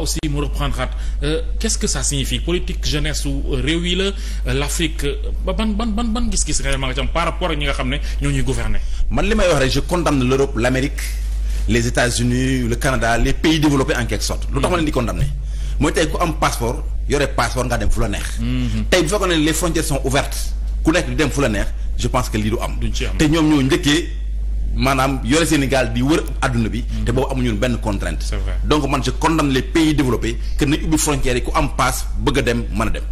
aussi mu reprendre xaat euh, qu'est-ce que ça signifie politique jeunesse su euh, réew yi la euh, l'Afrique ban ban ban ban gis-gis réellement nga ci par rapport ak ñi nga xam ne ñoo ñuy gouverner. man li may wax rek je condamne l'Europe l'Amérique les États-Unis le Canada les pays développés en quelque sorte. lu tax ma leen di condamner mooy tey ku am passeport yore passeport ngaa dem fu la neex. Mhm. tey bu fekkoon ne les frontières sont ouvertes ku nekk di dem fu la neex je pense que lii du am. te ñoom ñoo njëkkee. maanaam yore Sénégal di wër àdduna bi. Mm. te boobu amuñu benn contrainte. c'est vrai man je condamne les pays développés que nañ ubbi frontières yi ku am paas bëgg a dem mën a dem.